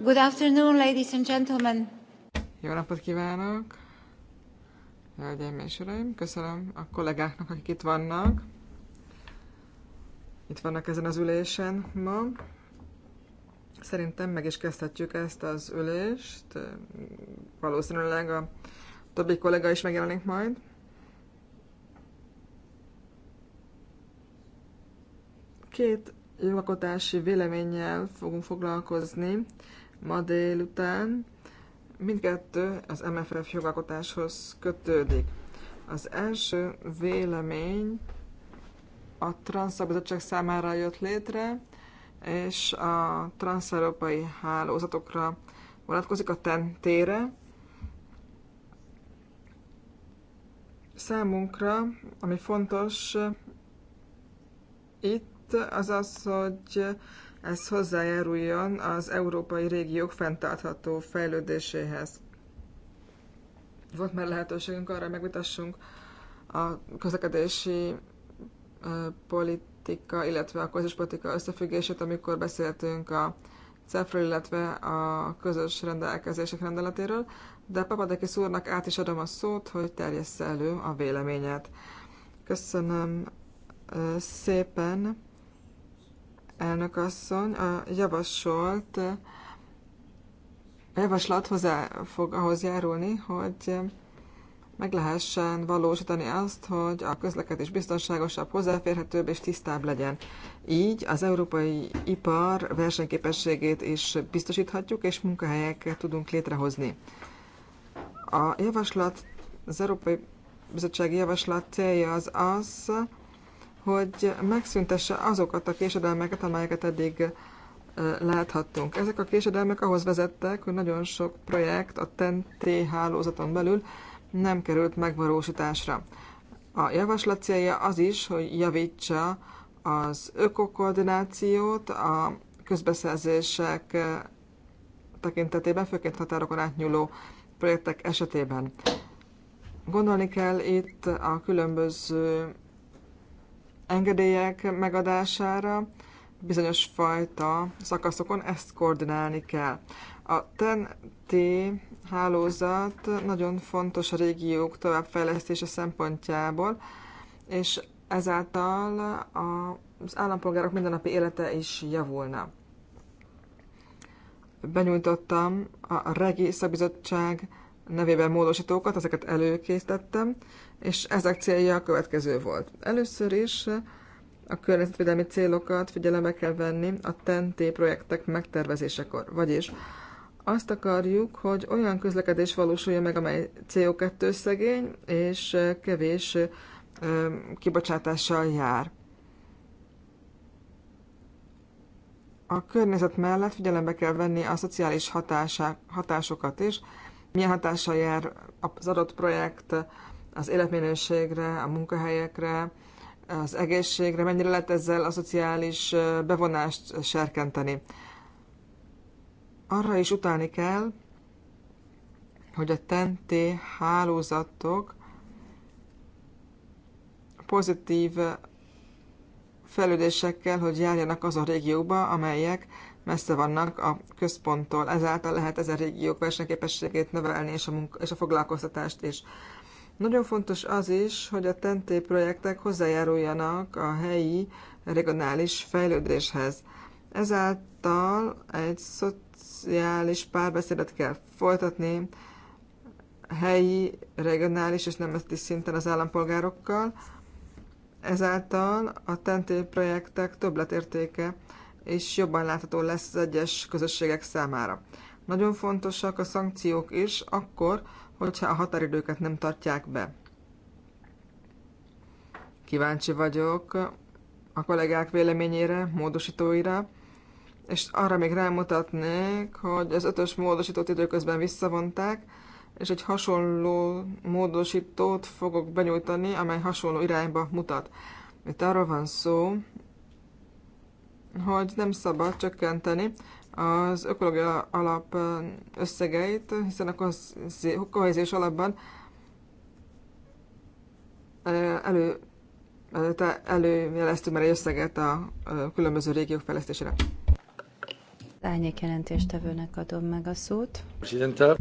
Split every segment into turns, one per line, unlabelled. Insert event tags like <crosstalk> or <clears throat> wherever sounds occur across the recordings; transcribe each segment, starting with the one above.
Good afternoon, ladies and gentlemen.
Jó napot kívánok! Hölgyeim és uraim, köszönöm a kollégáknak, akik itt vannak. Itt vannak ezen az ülésen ma. Szerintem meg is kezdhetjük ezt az ülést. Valószínűleg a többi kollega is megjelenik majd. Két jogalkotási véleménnyel fogunk foglalkozni ma délután. Mindkettő az MFF jogalkotáshoz kötődik. Az első vélemény a Transzabizottság számára jött létre, és a transzeurópai hálózatokra vonatkozik a tentére. Számunkra, ami fontos itt, az az, hogy ez hozzájáruljon az európai régiók fenntartható fejlődéséhez. Volt már lehetőségünk arra, hogy megvitassunk a közlekedési politika, illetve a közös politika összefüggését, amikor beszéltünk a cef illetve a közös rendelkezések rendeletéről, de Papadeki úrnak át is adom a szót, hogy terjessze elő a véleményet. Köszönöm szépen! elnök asszony, a javasolt a javaslat hozzá fog ahhoz járulni, hogy meg lehessen valósítani azt, hogy a közlekedés biztonságosabb, hozzáférhetőbb és tisztább legyen. Így az európai ipar versenyképességét is biztosíthatjuk, és munkahelyeket tudunk létrehozni. A javaslat, az Európai Bizottsági Javaslat célja az az, hogy megszüntesse azokat a késedelmeket, amelyeket eddig láthattunk. Ezek a késedelmek ahhoz vezettek, hogy nagyon sok projekt a TEN-T hálózaton belül nem került megvalósításra. A javaslat célja az is, hogy javítsa az ökokoordinációt a közbeszerzések tekintetében, főként határokon átnyúló projektek esetében. Gondolni kell itt a különböző engedélyek megadására bizonyos fajta szakaszokon, ezt koordinálni kell. A TEN-T hálózat nagyon fontos a régiók továbbfejlesztése szempontjából, és ezáltal az állampolgárok mindennapi élete is javulna. Benyújtottam a Regi Szabizottság nevében módosítókat, ezeket előkészítettem, és ezek célja a következő volt. Először is a környezetvédelmi célokat figyelembe kell venni a TNT projektek megtervezésekor, vagyis azt akarjuk, hogy olyan közlekedés valósulja meg, amely CO2 szegény és kevés kibocsátással jár. A környezet mellett figyelembe kell venni a szociális hatásá, hatásokat is, milyen hatással jár az adott projekt az életminőségre, a munkahelyekre, az egészségre, mennyire lehet ezzel a szociális bevonást serkenteni. Arra is utalni kell, hogy a tenté hálózatok pozitív fejlődésekkel, hogy járjanak azon régióba, amelyek messze vannak a központtól. Ezáltal lehet ezen régiók versenyképességét növelni, és a, munka- és a foglalkoztatást is. És nagyon fontos az is, hogy a TENTÉ projektek hozzájáruljanak a helyi regionális fejlődéshez. Ezáltal egy szociális párbeszédet kell folytatni helyi, regionális és nemzeti szinten az állampolgárokkal. Ezáltal a TENTÉ projektek többletértéke és jobban látható lesz az egyes közösségek számára. Nagyon fontosak a szankciók is akkor, hogyha a határidőket nem tartják be. Kíváncsi vagyok a kollégák véleményére, módosítóira, és arra még rámutatnék, hogy az ötös módosítót időközben visszavonták, és egy hasonló módosítót fogok benyújtani, amely hasonló irányba mutat. Itt arról van szó, hogy nem szabad csökkenteni az ökológia alap összegeit, hiszen a kohéziós alapban elő, előjeleztünk már egy összeget a különböző régiók fejlesztésére.
Árnyék jelentéstevőnek adom meg a szót.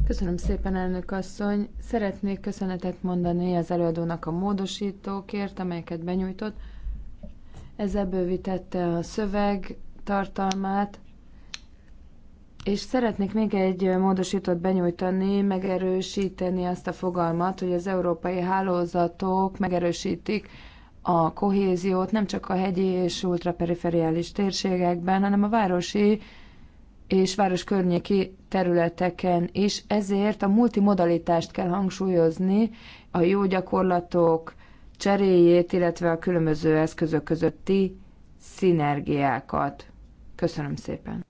Köszönöm szépen, elnök asszony. Szeretnék köszönetet mondani az előadónak a módosítókért, amelyeket benyújtott. Ezzel bővítette a szöveg tartalmát, és szeretnék még egy módosítót benyújtani, megerősíteni azt a fogalmat, hogy az európai hálózatok megerősítik a kohéziót nem csak a hegyi és ultraperiferiális térségekben, hanem a városi és város környéki területeken is. Ezért a multimodalitást kell hangsúlyozni, a jó gyakorlatok cseréjét, illetve a különböző eszközök közötti szinergiákat. Köszönöm szépen!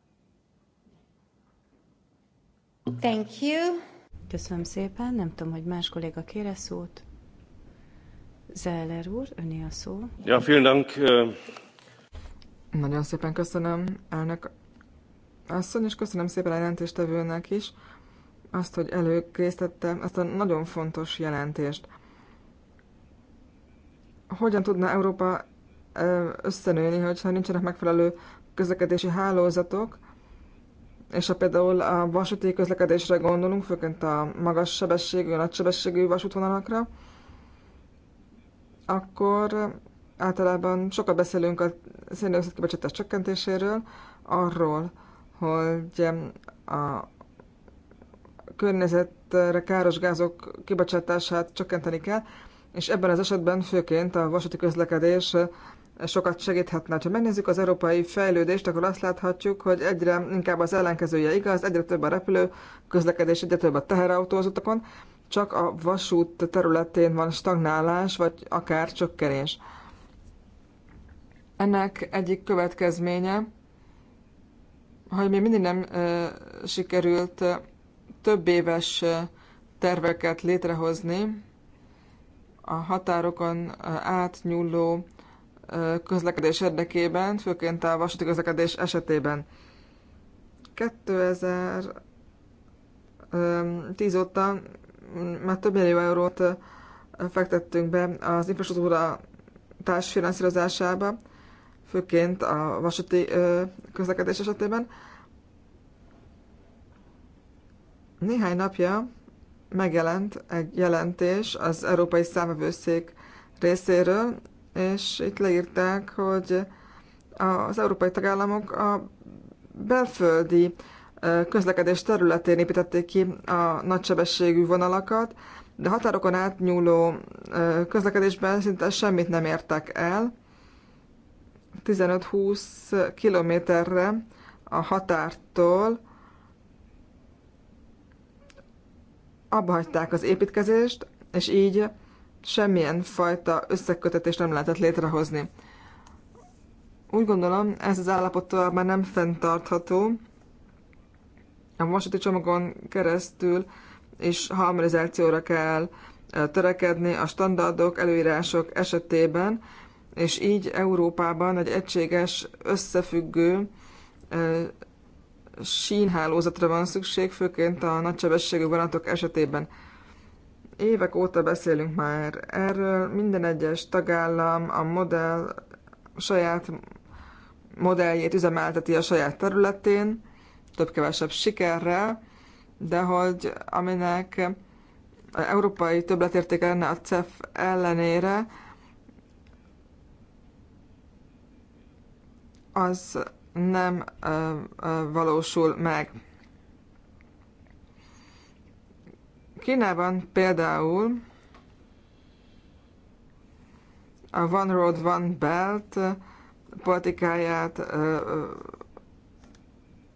Thank you. Köszönöm szépen, nem tudom, hogy más kolléga kére
szót. Zeller úr, öné a szó.
Ja, vielen Dank.
Nagyon szépen köszönöm elnök asszony, és köszönöm szépen a jelentéstevőnek is azt, hogy előkészítette ezt a nagyon fontos jelentést. Hogyan tudna Európa összenőni, hogyha nincsenek megfelelő közlekedési hálózatok, és ha például a vasúti közlekedésre gondolunk, főként a magas sebességű, a nagy sebességű vasútvonalakra, akkor általában sokat beszélünk a széndiokszid kibocsátás csökkentéséről, arról, hogy a környezetre káros gázok kibocsátását csökkenteni kell, és ebben az esetben főként a vasúti közlekedés sokat segíthetne. Ha megnézzük az európai fejlődést, akkor azt láthatjuk, hogy egyre inkább az ellenkezője igaz, egyre több a repülő közlekedés, egyre több a teherautó az utakon, csak a vasút területén van stagnálás, vagy akár csökkenés. Ennek egyik következménye, hogy még mindig nem e, sikerült e, több éves e, terveket létrehozni a határokon e, átnyúló közlekedés érdekében, főként a vasúti közlekedés esetében. 2010 óta már több millió eurót fektettünk be az infrastruktúra társfinanszírozásába, főként a vasúti közlekedés esetében. Néhány napja megjelent egy jelentés az Európai Számvevőszék részéről, és itt leírták, hogy az európai tagállamok a belföldi közlekedés területén építették ki a nagysebességű vonalakat, de határokon átnyúló közlekedésben szinte semmit nem értek el. 15-20 kilométerre a határtól abba hagyták az építkezést, és így semmilyen fajta összekötetést nem lehetett létrehozni. Úgy gondolom, ez az állapot tovább már nem fenntartható. A vasúti csomagon keresztül és harmonizációra kell törekedni a standardok, előírások esetében, és így Európában egy egységes, összefüggő sínhálózatra van szükség, főként a nagysebességű vonatok esetében. Évek óta beszélünk már erről, minden egyes tagállam a modell a saját modelljét üzemelteti a saját területén, több-kevesebb sikerrel, de hogy aminek a európai többletértéke lenne a CEF ellenére, az nem ö, ö, valósul meg. Kínában például a One Road, One Belt politikáját ö, ö,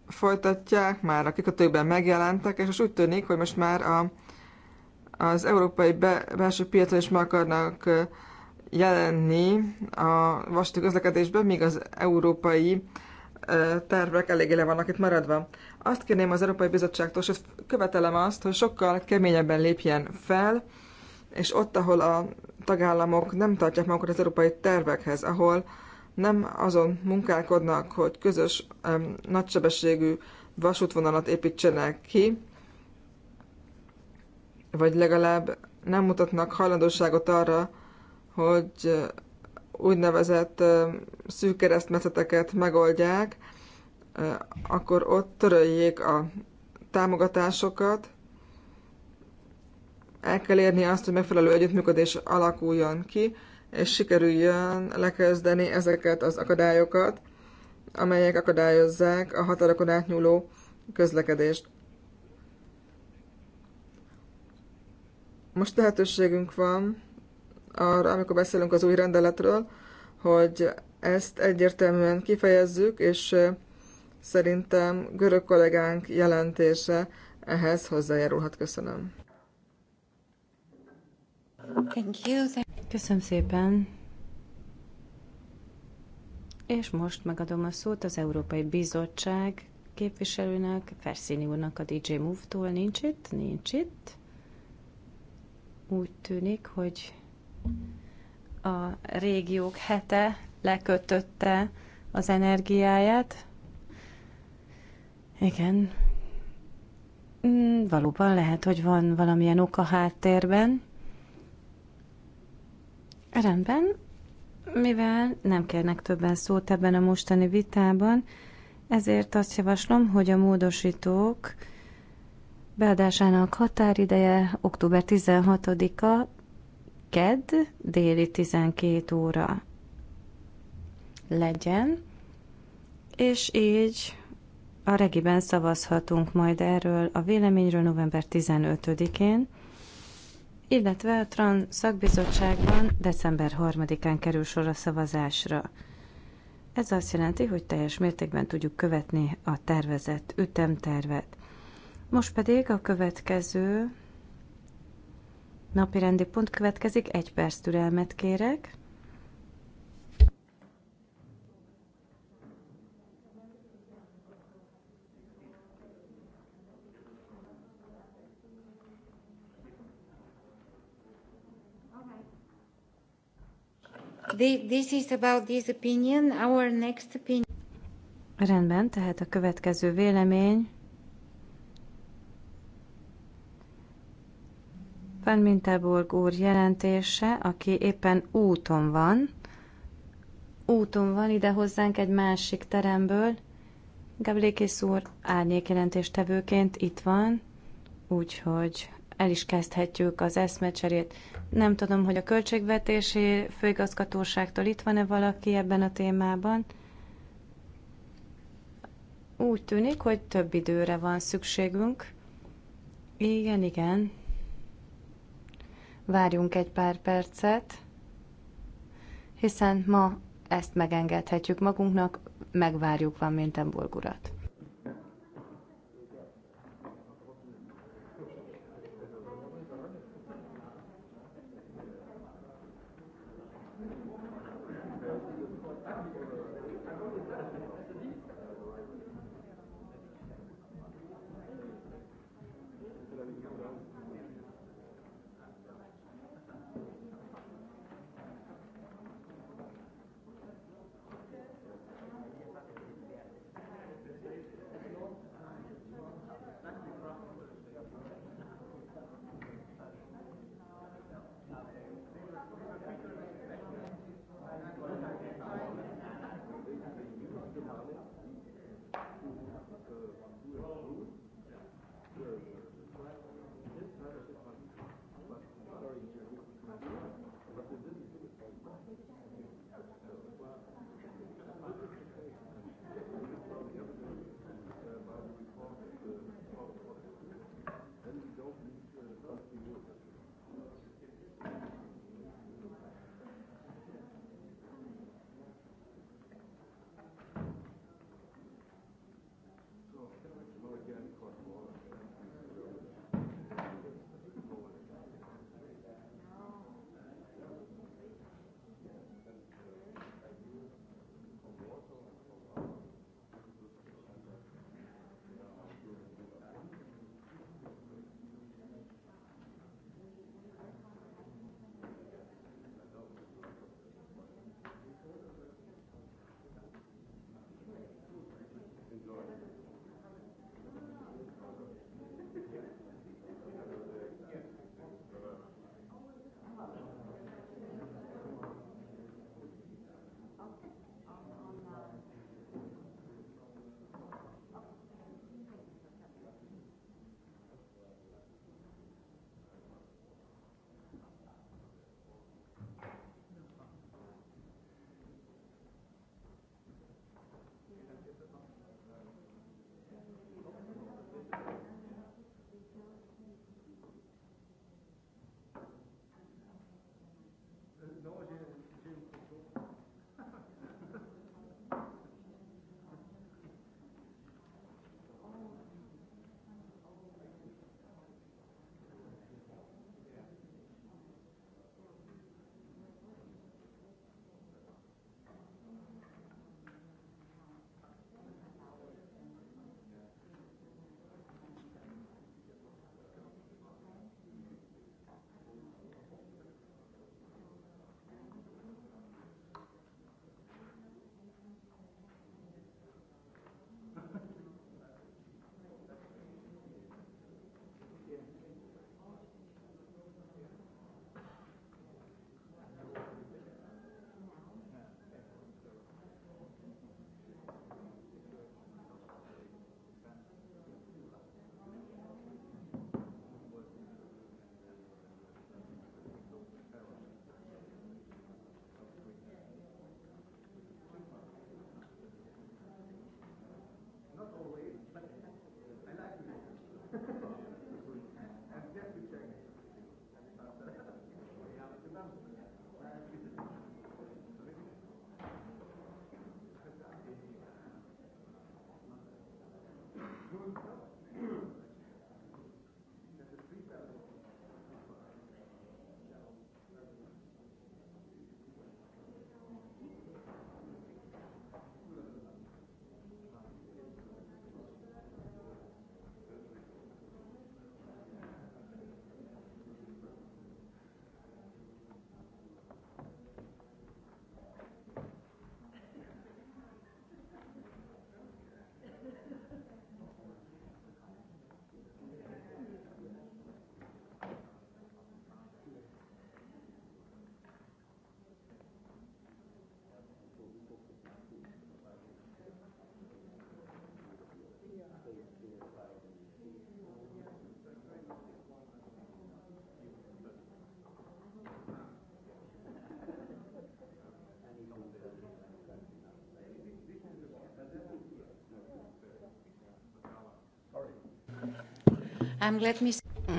folytatják, már a kikötőkben megjelentek, és most úgy tűnik, hogy most már a, az európai be, belső piacon is meg akarnak jelenni a vasúti közlekedésben, míg az európai tervek eléggé le vannak itt maradva. Azt kérném az Európai Bizottságtól, és követelem azt, hogy sokkal keményebben lépjen fel, és ott, ahol a tagállamok nem tartják magukat az európai tervekhez, ahol nem azon munkálkodnak, hogy közös öm, nagysebességű vasútvonalat építsenek ki, vagy legalább nem mutatnak hajlandóságot arra, hogy úgynevezett szűk keresztmetszeteket megoldják, akkor ott töröljék a támogatásokat, el kell érni azt, hogy megfelelő együttműködés alakuljon ki, és sikerüljön lekezdeni ezeket az akadályokat, amelyek akadályozzák a határokon átnyúló közlekedést. Most lehetőségünk van arra, amikor beszélünk az új rendeletről, hogy ezt egyértelműen kifejezzük, és szerintem görög kollégánk jelentése ehhez hozzájárulhat. Köszönöm. Köszönöm szépen.
És most megadom a szót az Európai Bizottság képviselőnek, Ferszini úrnak a DJ Move-tól. Nincs itt? Nincs itt. Úgy tűnik, hogy a régiók hete lekötötte az energiáját. Igen. Mm, valóban lehet, hogy van valamilyen oka háttérben. Rendben, mivel nem kérnek többen szót ebben a mostani vitában, ezért azt javaslom, hogy a módosítók beadásának határideje október 16-a ked déli 12 óra legyen, és így a regiben szavazhatunk majd erről a véleményről november 15-én, illetve a TRAN szakbizottságban december 3-án kerül sor a szavazásra. Ez azt jelenti, hogy teljes mértékben tudjuk követni a tervezett ütemtervet. Most pedig a következő napi rendi pont következik, egy perc türelmet kérek. This is about this opinion, our next opinion. Rendben, tehát a következő vélemény szépen Minterborg úr jelentése, aki éppen úton van. Úton van ide hozzánk egy másik teremből. Gablékész úr árnyékjelentéstevőként itt van, úgyhogy el is kezdhetjük az eszmecserét. Nem tudom, hogy a költségvetési főigazgatóságtól itt van-e valaki ebben a témában. Úgy tűnik, hogy több időre van szükségünk. Igen, igen várjunk egy pár percet, hiszen ma ezt megengedhetjük magunknak, megvárjuk Van Mintenburg urat.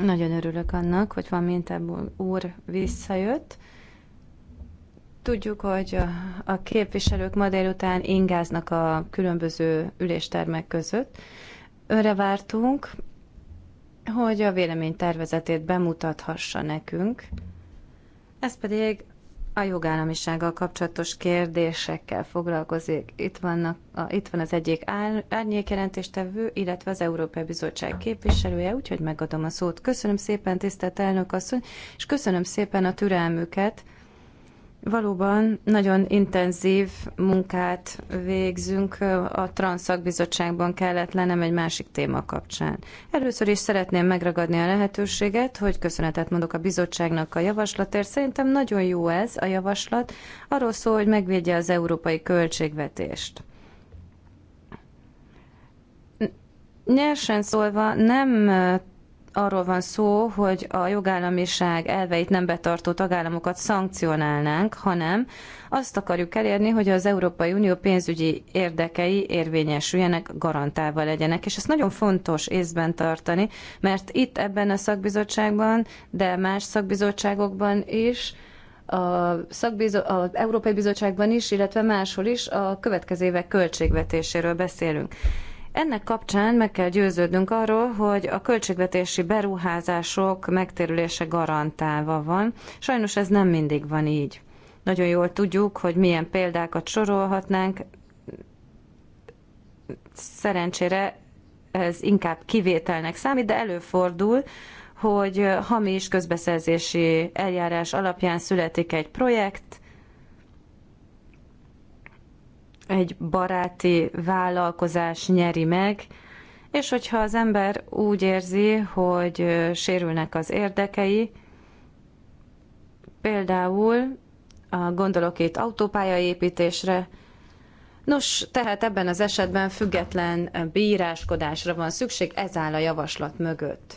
Nagyon örülök annak, hogy van Mintából úr visszajött. Tudjuk, hogy a képviselők ma délután ingáznak a különböző üléstermek között. Önre vártunk, hogy a vélemény tervezetét bemutathassa nekünk. Ez pedig a jogállamisággal kapcsolatos kérdésekkel foglalkozik. Itt, vannak, a, itt van az egyik árnyékjelentéstevő, illetve az Európai Bizottság képviselője, úgyhogy megadom a szót. Köszönöm szépen, tisztelt elnök asszony, és köszönöm szépen a türelmüket. Valóban nagyon intenzív munkát végzünk a Transzakbizottságban kellett lennem egy másik téma kapcsán. Először is szeretném megragadni a lehetőséget, hogy köszönetet mondok a bizottságnak a javaslatért. Szerintem nagyon jó ez a javaslat, arról szól, hogy megvédje az európai költségvetést. Nyersen szólva nem arról van szó, hogy a jogállamiság elveit nem betartó tagállamokat szankcionálnánk, hanem azt akarjuk elérni, hogy az Európai Unió pénzügyi érdekei érvényesüljenek, garantálva legyenek. És ezt nagyon fontos észben tartani, mert itt ebben a szakbizottságban, de más szakbizottságokban is, az Európai Bizottságban is, illetve máshol is a következő évek költségvetéséről beszélünk. Ennek kapcsán meg kell győződnünk arról, hogy a költségvetési beruházások megtérülése garantálva van. Sajnos ez nem mindig van így. Nagyon jól tudjuk, hogy milyen példákat sorolhatnánk. Szerencsére ez inkább kivételnek számít, de előfordul, hogy hamis közbeszerzési eljárás alapján születik egy projekt, egy baráti vállalkozás nyeri meg, és hogyha az ember úgy érzi, hogy sérülnek az érdekei, például a gondolok itt autópályaépítésre, Nos, tehát ebben az esetben független bíráskodásra van szükség, ez áll a javaslat mögött.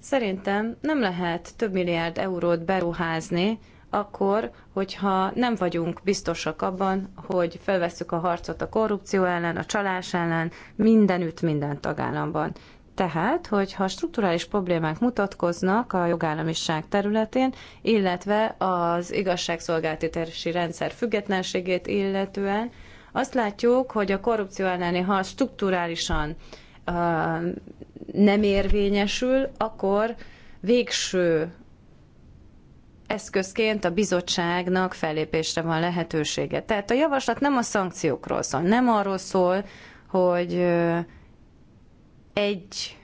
Szerintem nem lehet több milliárd eurót beruházni akkor, hogyha nem vagyunk biztosak abban, hogy felvesszük a harcot a korrupció ellen, a csalás ellen, mindenütt, minden tagállamban. Tehát, hogyha strukturális problémák mutatkoznak a jogállamiság területén, illetve az igazságszolgáltatási rendszer függetlenségét illetően, azt látjuk, hogy a korrupció elleni harc strukturálisan uh, nem érvényesül, akkor végső eszközként a bizottságnak fellépésre van lehetősége. Tehát a javaslat nem a szankciókról szól, nem arról szól, hogy egy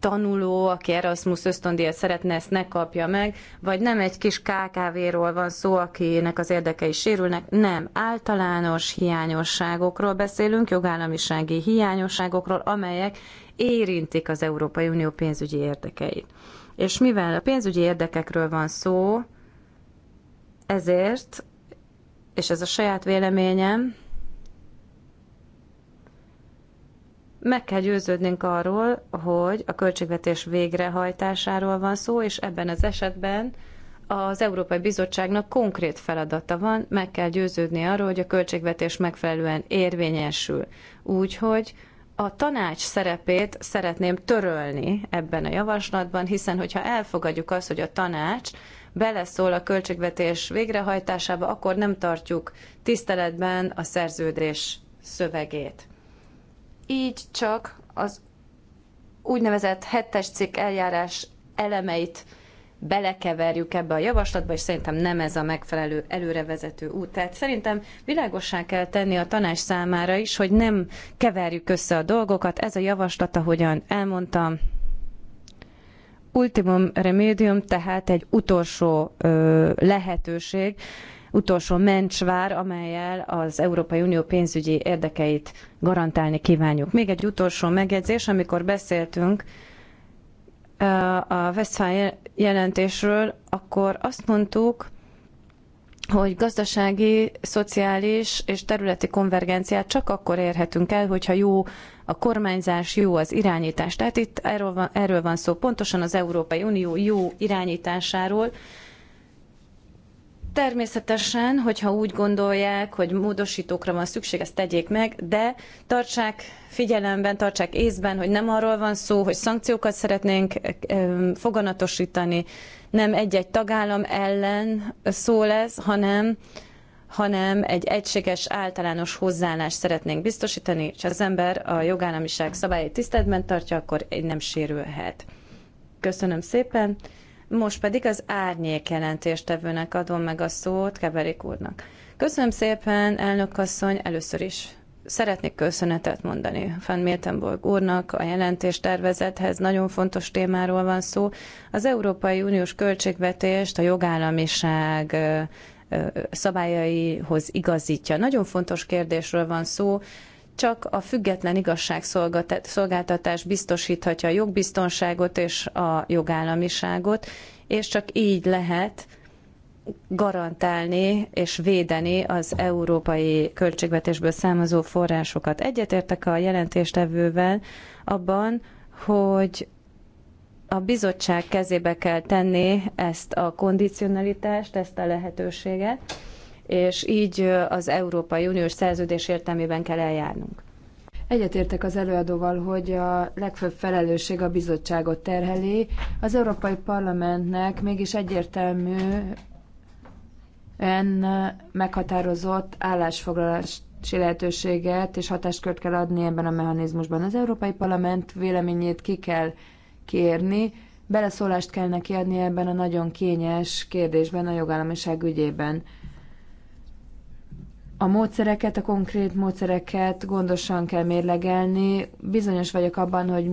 tanuló, aki Erasmus ösztöndíjat szeretne, ezt ne kapja meg, vagy nem egy kis KKV-ról van szó, akinek az érdekei sérülnek, nem. Általános hiányosságokról beszélünk, jogállamisági hiányosságokról, amelyek érintik az Európai Unió pénzügyi érdekeit. És mivel a pénzügyi érdekekről van szó, ezért, és ez a saját véleményem, meg kell győződnünk arról, hogy a költségvetés végrehajtásáról van szó, és ebben az esetben az Európai Bizottságnak konkrét feladata van, meg kell győződni arról, hogy a költségvetés megfelelően érvényesül. Úgyhogy a tanács szerepét szeretném törölni ebben a javaslatban, hiszen hogyha elfogadjuk azt, hogy a tanács beleszól a költségvetés végrehajtásába, akkor nem tartjuk tiszteletben a szerződés szövegét. Így csak az úgynevezett hettes cikk eljárás elemeit belekeverjük ebbe a javaslatba, és szerintem nem ez a megfelelő előrevezető út. Tehát szerintem világosá kell tenni a tanács számára is, hogy nem keverjük össze a dolgokat. Ez a javaslat, ahogyan elmondtam, ultimum remedium, tehát egy utolsó ö, lehetőség, utolsó mencsvár, amelyel az Európai Unió pénzügyi érdekeit garantálni kívánjuk. Még egy utolsó megjegyzés, amikor beszéltünk a Westphal jelentésről, akkor azt mondtuk, hogy gazdasági, szociális és területi konvergenciát csak akkor érhetünk el, hogyha jó a kormányzás, jó az irányítás. Tehát itt erről van, erről van szó, pontosan az Európai Unió jó irányításáról, Természetesen, hogyha úgy gondolják, hogy módosítókra van szükség, ezt tegyék meg, de tartsák figyelemben, tartsák észben, hogy nem arról van szó, hogy szankciókat szeretnénk foganatosítani, nem egy-egy tagállam ellen szól ez, hanem hanem egy egységes általános hozzáállást szeretnénk biztosítani, és az ember a jogállamiság szabályait tiszteletben tartja, akkor nem sérülhet. Köszönöm szépen! Most pedig az árnyék jelentéstevőnek adom meg a szót Keverik úrnak. Köszönöm szépen, elnök asszony, először is szeretnék köszönetet mondani Van Miltenborg úrnak, a jelentéstervezethez nagyon fontos témáról van szó. Az Európai Uniós költségvetést a jogállamiság szabályaihoz igazítja. Nagyon fontos kérdésről van szó, csak a független igazságszolgáltatás biztosíthatja a jogbiztonságot és a jogállamiságot, és csak így lehet garantálni és védeni az európai költségvetésből származó forrásokat. Egyetértek a jelentéstevővel abban, hogy a bizottság kezébe kell tenni ezt a kondicionalitást, ezt a lehetőséget, és így az Európai Uniós
szerződés értelmében kell eljárnunk. Egyetértek az előadóval, hogy a legfőbb felelősség a bizottságot terheli. Az Európai Parlamentnek mégis egyértelmű en meghatározott állásfoglalási lehetőséget és hatáskört kell adni ebben a mechanizmusban. Az Európai Parlament véleményét ki kell kérni, beleszólást kell neki adni ebben a nagyon kényes kérdésben, a jogállamiság ügyében. A módszereket, a konkrét módszereket gondosan kell mérlegelni. Bizonyos vagyok abban, hogy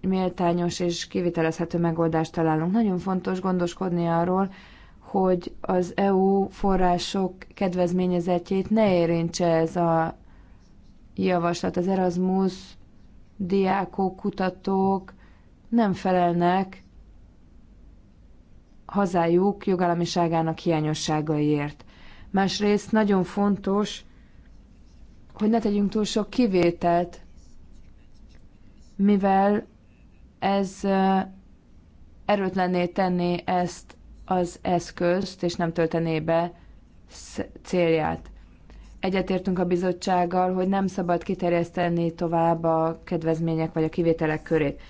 méltányos és kivitelezhető megoldást találunk. Nagyon fontos gondoskodni arról, hogy az EU források kedvezményezetjét ne érintse ez a javaslat. Az Erasmus diákok, kutatók nem felelnek hazájuk jogállamiságának hiányosságaiért. Másrészt nagyon fontos, hogy ne tegyünk túl sok kivételt, mivel ez erőtlenné tenné ezt az eszközt, és nem töltené be célját. Egyetértünk a bizottsággal, hogy nem szabad kiterjeszteni tovább a kedvezmények vagy a kivételek körét.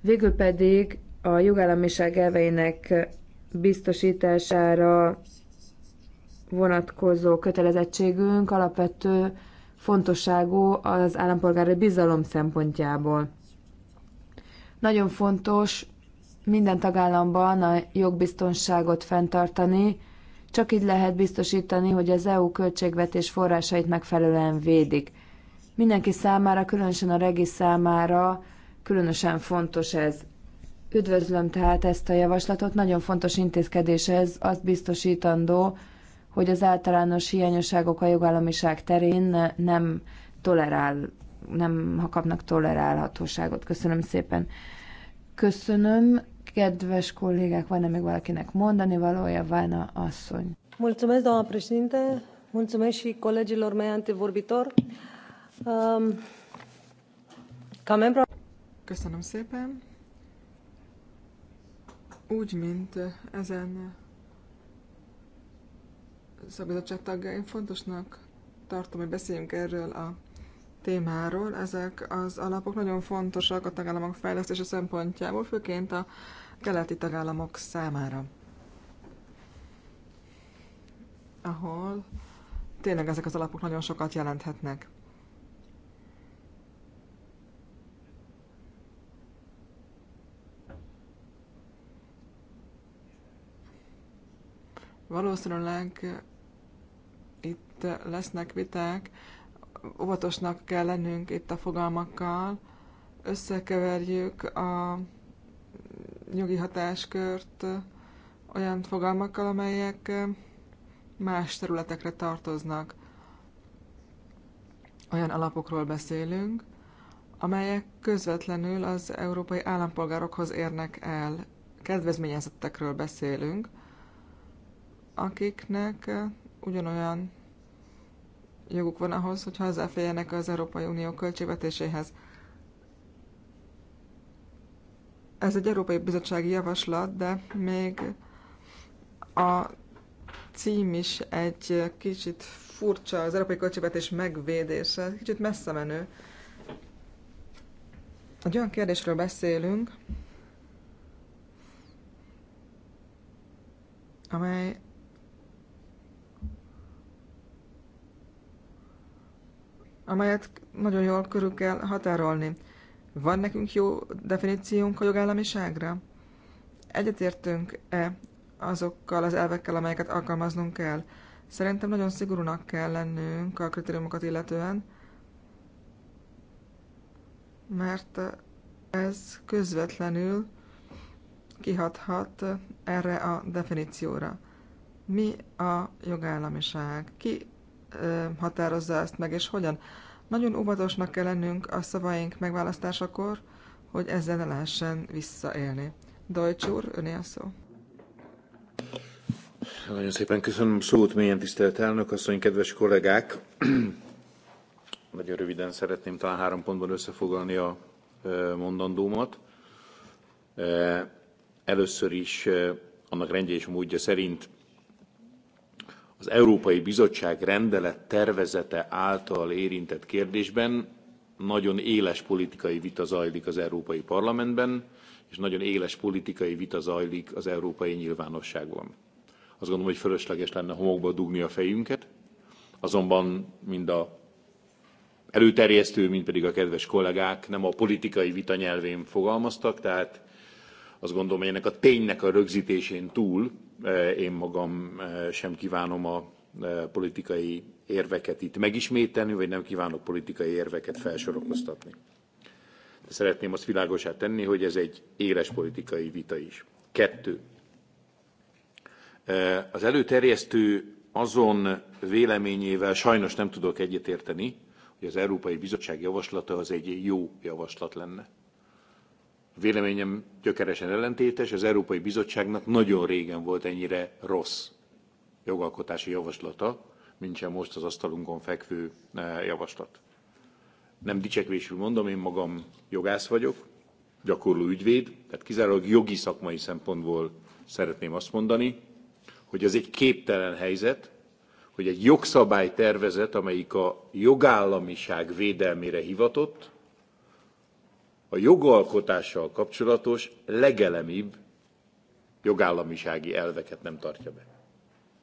Végül pedig a jogállamiság elveinek biztosítására vonatkozó kötelezettségünk alapvető fontosságú az állampolgári bizalom szempontjából. Nagyon fontos minden tagállamban a jogbiztonságot fenntartani, csak így lehet biztosítani, hogy az EU költségvetés forrásait megfelelően védik. Mindenki számára, különösen a regi számára különösen fontos ez. Üdvözlöm tehát ezt a javaslatot, nagyon fontos intézkedés ez, azt biztosítandó, hogy az általános hiányosságok a jogállamiság terén nem tolerál, nem kapnak tolerálhatóságot. Köszönöm szépen. Köszönöm, kedves kollégák, van-e még valakinek mondani valója, a asszony? Mulțumesc, doamna președinte, mulțumesc și colegilor mei antevorbitor.
Um, ca membru... Köszönöm szépen. Úgy, mint ezen szabadság tagjaim, fontosnak tartom, hogy beszéljünk erről a témáról. Ezek az alapok nagyon fontosak a tagállamok fejlesztése szempontjából, főként a keleti tagállamok számára, ahol tényleg ezek az alapok nagyon sokat jelenthetnek. Valószínűleg itt lesznek viták, óvatosnak kell lennünk itt a fogalmakkal, összekeverjük a nyugi hatáskört olyan fogalmakkal, amelyek más területekre tartoznak. Olyan alapokról beszélünk, amelyek közvetlenül az európai állampolgárokhoz érnek el. Kedvezményezettekről beszélünk, akiknek ugyanolyan joguk van ahhoz, hogy hozzáférjenek az Európai Unió költségvetéséhez. Ez egy Európai Bizottsági Javaslat, de még a cím is egy kicsit furcsa, az európai költségvetés megvédése, kicsit messze menő. Egy olyan kérdésről beszélünk, amely amelyet nagyon jól körül kell határolni. Van nekünk jó definíciónk a jogállamiságra? Egyetértünk-e azokkal az elvekkel, amelyeket alkalmaznunk kell? Szerintem nagyon szigorúnak kell lennünk a kritériumokat illetően, mert ez közvetlenül kihathat erre a definícióra. Mi a jogállamiság? Ki határozza ezt meg, és hogyan. Nagyon óvatosnak kell lennünk a szavaink megválasztásakor, hogy ezzel ne lehessen visszaélni. Deutsch úr, öné a szó.
Nagyon szépen köszönöm szót, mélyen tisztelt elnök, asszony, kedves kollégák! <clears throat> Nagyon röviden szeretném talán három pontban összefoglalni a mondandómat. Először is annak rendje és módja szerint az Európai Bizottság rendelet tervezete által érintett kérdésben nagyon éles politikai vita zajlik az Európai Parlamentben, és nagyon éles politikai vita zajlik az európai nyilvánosságban. Azt gondolom, hogy fölösleges lenne homokba dugni a fejünket, azonban mind a előterjesztő, mind pedig a kedves kollégák nem a politikai vita nyelvén fogalmaztak, tehát azt gondolom, hogy ennek a ténynek a rögzítésén túl Eh, én magam eh, sem kívánom a eh, politikai érveket itt megismételni, vagy nem kívánok politikai érveket felsorokoztatni. De szeretném azt világosá tenni, hogy ez egy éles politikai vita is. Kettő. Az előterjesztő azon véleményével sajnos nem tudok egyetérteni, hogy az Európai Bizottság javaslata az egy jó javaslat lenne. Véleményem gyökeresen ellentétes, az Európai Bizottságnak nagyon régen volt ennyire rossz jogalkotási javaslata, mint sem most az asztalunkon fekvő e, javaslat. Nem dicsekvésül mondom, én magam jogász vagyok, gyakorló ügyvéd, tehát kizárólag jogi szakmai szempontból szeretném azt mondani, hogy ez egy képtelen helyzet, hogy egy jogszabálytervezet, amelyik a jogállamiság védelmére hivatott, a jogalkotással kapcsolatos legelemibb jogállamisági elveket nem tartja be.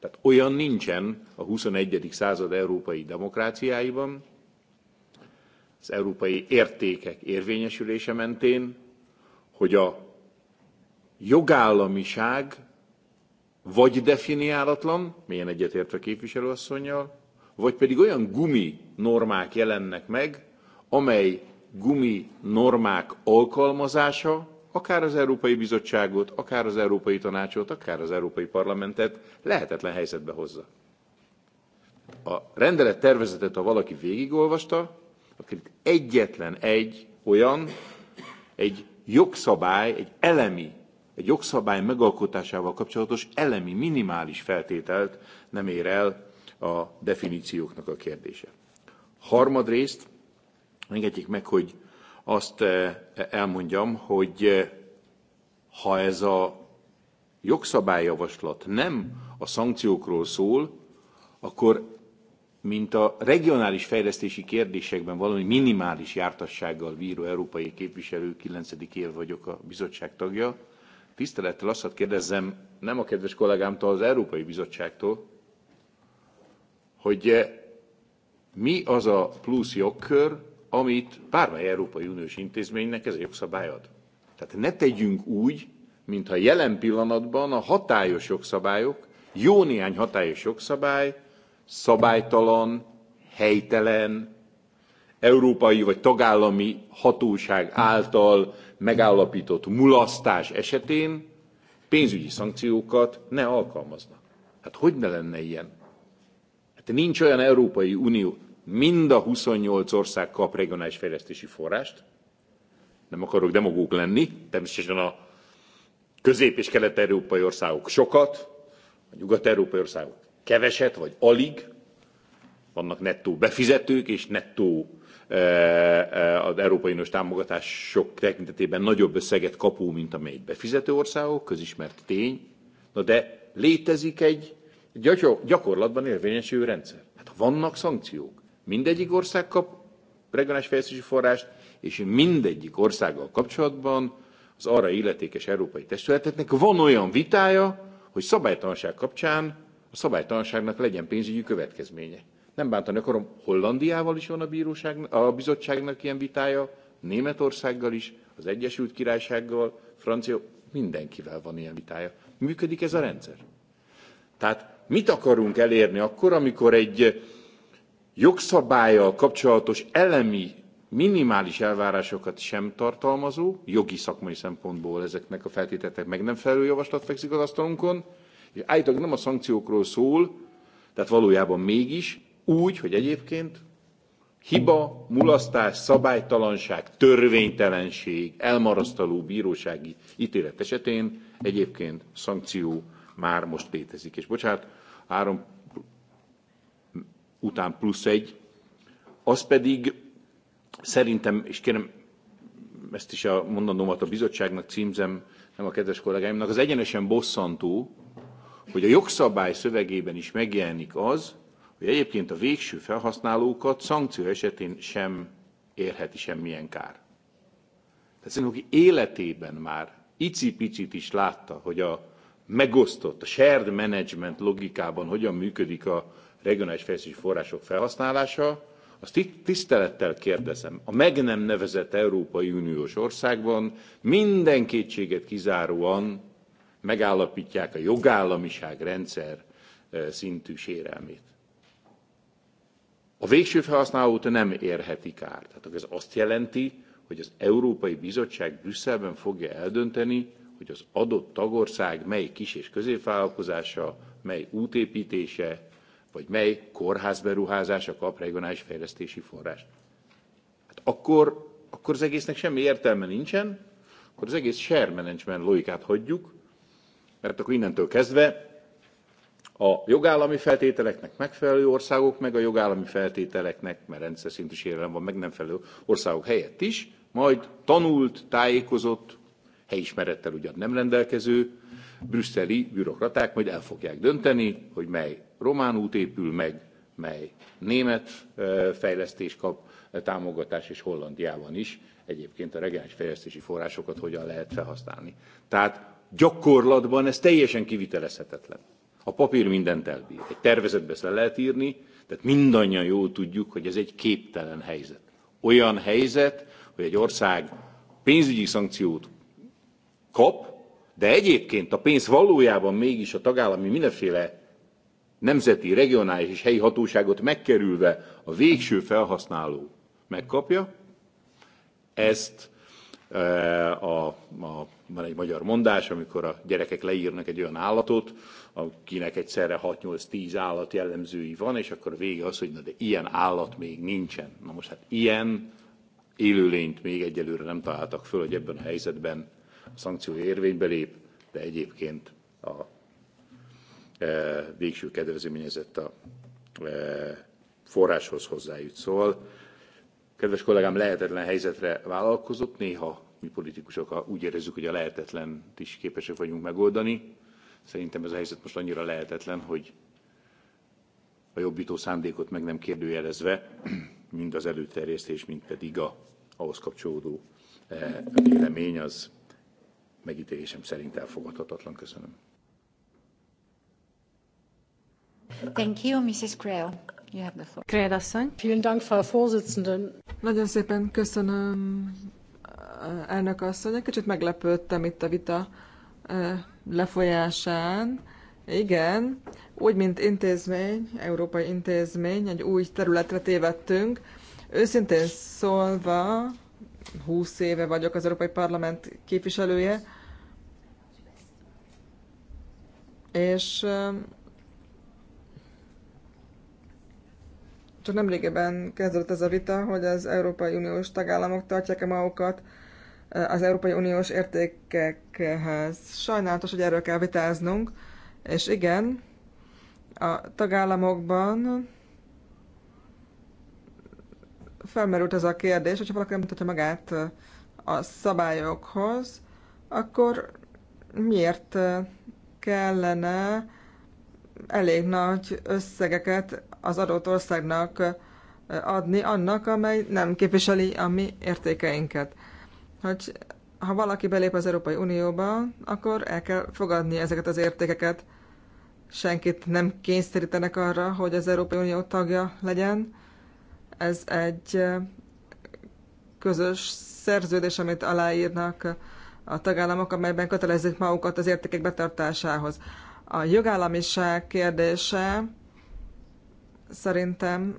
Tehát olyan nincsen a 21. század európai demokráciáiban, az európai értékek érvényesülése mentén, hogy a jogállamiság vagy definiálatlan, milyen egyetértve képviselőasszonyjal, vagy pedig olyan gumi normák jelennek meg, amely gumi normák alkalmazása akár az Európai Bizottságot, akár az Európai Tanácsot, akár az Európai Parlamentet lehetetlen helyzetbe hozza. A rendelet tervezetet, ha valaki végigolvasta, akkor itt egyetlen egy olyan, egy jogszabály, egy elemi, egy jogszabály megalkotásával kapcsolatos elemi, minimális feltételt nem ér el a definícióknak a kérdése. Harmadrészt Engedjék meg, hogy azt eh, elmondjam, hogy eh, ha ez a jogszabályjavaslat nem a szankciókról szól, akkor mint a regionális fejlesztési kérdésekben valami minimális jártassággal víró európai képviselő, 9. év vagyok a bizottság tagja, tisztelettel azt hadd kérdezzem, nem a kedves kollégámtól, az Európai Bizottságtól, hogy eh, mi az a plusz jogkör, amit bármely Európai Uniós intézménynek ez a jogszabály ad. Tehát ne tegyünk úgy, mintha jelen pillanatban a hatályos jogszabályok, jó néhány hatályos jogszabály szabálytalan, helytelen, európai vagy tagállami hatóság által megállapított mulasztás esetén pénzügyi szankciókat ne alkalmaznak. Hát hogy ne lenne ilyen? Hát nincs olyan Európai Unió, mind a 28 ország kap regionális fejlesztési forrást. Nem akarok demogók lenni, természetesen a közép- és kelet-európai országok sokat, a nyugat-európai országok keveset, vagy alig, vannak nettó befizetők és nettó eh, eh, az Európai Uniós támogatások tekintetében nagyobb összeget kapó, mint amelyik befizető országok, közismert tény. Na de létezik egy gyakorlatban érvényesülő rendszer. Hát vannak szankciók. Mindegyik ország kap regionális fejlesztési forrást, és mindegyik országgal kapcsolatban az arra illetékes európai testületeknek van olyan vitája, hogy szabálytalanság kapcsán a szabálytalanságnak legyen pénzügyi következménye. Nem bántani akarom, Hollandiával is van a, bíróság, a bizottságnak ilyen vitája, Németországgal is, az Egyesült Királysággal, Francia, mindenkivel van ilyen vitája. Működik ez a rendszer? Tehát mit akarunk elérni akkor, amikor egy jogszabályjal kapcsolatos elemi minimális elvárásokat sem tartalmazó, jogi szakmai szempontból ezeknek a feltételeknek meg nem felelő javaslat fekszik az asztalunkon, és állítólag nem a szankciókról szól, tehát valójában mégis úgy, hogy egyébként hiba, mulasztás, szabálytalanság, törvénytelenség, elmarasztaló bírósági ítélet esetén egyébként szankció már most létezik. És bocsánat, három után plusz egy, az pedig szerintem, és kérem, ezt is a mondandómat a bizottságnak címzem, nem a kedves kollégáimnak, az egyenesen bosszantó, hogy a jogszabály szövegében is megjelenik az, hogy egyébként a végső felhasználókat szankció esetén sem érheti semmilyen kár. Tehát szerintem, aki életében már icipicit is látta, hogy a megosztott, a shared management logikában hogyan működik a regionális fejlesztési források felhasználása, azt tisztelettel kérdezem, a meg nem nevezett Európai Uniós országban minden kétséget kizáróan megállapítják a jogállamiság rendszer e, szintű sérelmét. A végső felhasználót nem érheti kár. Tehát ez azt jelenti, hogy az Európai Bizottság Brüsszelben fogja eldönteni, hogy az adott tagország mely kis- és középvállalkozása, mely útépítése, vagy mely kórházberuházása kap regionális fejlesztési forrást. Hát akkor, akkor az egésznek semmi értelme nincsen, akkor az egész share management logikát hagyjuk, mert akkor innentől kezdve a jogállami feltételeknek megfelelő országok, meg a jogállami feltételeknek, mert rendszer szintű sérelem van, meg nem felelő országok helyett is, majd tanult, tájékozott, helyismerettel ugyan nem rendelkező brüsszeli bürokraták majd el fogják dönteni, hogy mely román út épül meg, mely német fejlesztés kap támogatás, és Hollandiában is egyébként a regionális fejlesztési forrásokat hogyan lehet felhasználni. Tehát gyakorlatban ez teljesen kivitelezhetetlen. A papír mindent elbír. Egy tervezetbe ezt le lehet írni, tehát mindannyian jól tudjuk, hogy ez egy képtelen helyzet. Olyan helyzet, hogy egy ország pénzügyi szankciót kap, de egyébként a pénz valójában mégis a tagállami mindenféle nemzeti, regionális és helyi hatóságot megkerülve a végső felhasználó megkapja, ezt e, a, a, van egy magyar mondás, amikor a gyerekek leírnak egy olyan állatot, akinek egyszerre 6-8-10 állat jellemzői van, és akkor a vége az, hogy na de ilyen állat még nincsen. Na most hát ilyen élőlényt még egyelőre nem találtak föl, hogy ebben a helyzetben szankció érvénybe lép, de egyébként a e, végső kedvezményezett a e, forráshoz hozzájut. Szóval, kedves kollégám, lehetetlen helyzetre vállalkozott, néha mi politikusok úgy érezzük, hogy a lehetetlen is képesek vagyunk megoldani. Szerintem ez a helyzet most annyira lehetetlen, hogy a jobbító szándékot meg nem kérdőjelezve, mind az előterjesztés, mind pedig a ahhoz kapcsolódó e, vélemény az megítélésem szerint elfogadhatatlan. Köszönöm.
Thank you, Mrs. Creel. You have the floor. Creel asszony. Vielen Dank, Frau Vorsitzende. Nagyon szépen köszönöm, elnök asszony. Egy kicsit meglepődtem itt a vita lefolyásán. Igen, úgy, mint intézmény, európai intézmény, egy új területre tévedtünk. Őszintén szólva, 20 éve vagyok az Európai Parlament képviselője, és um, csak nem régebben kezdődött ez a vita, hogy az Európai Uniós tagállamok tartják-e magukat uh, az Európai Uniós értékekhez. Sajnálatos, hogy erről kell vitáznunk, és igen, a tagállamokban felmerült ez a kérdés, hogyha valaki nem mutatja magát a szabályokhoz, akkor miért kellene elég nagy összegeket az adott országnak adni annak, amely nem képviseli a mi értékeinket. Hogy ha valaki belép az Európai Unióba, akkor el kell fogadni ezeket az értékeket. Senkit nem kényszerítenek arra, hogy az Európai Unió tagja legyen, ez egy közös szerződés, amit aláírnak a tagállamok, amelyben kötelezik magukat az értékek betartásához. A jogállamiság kérdése szerintem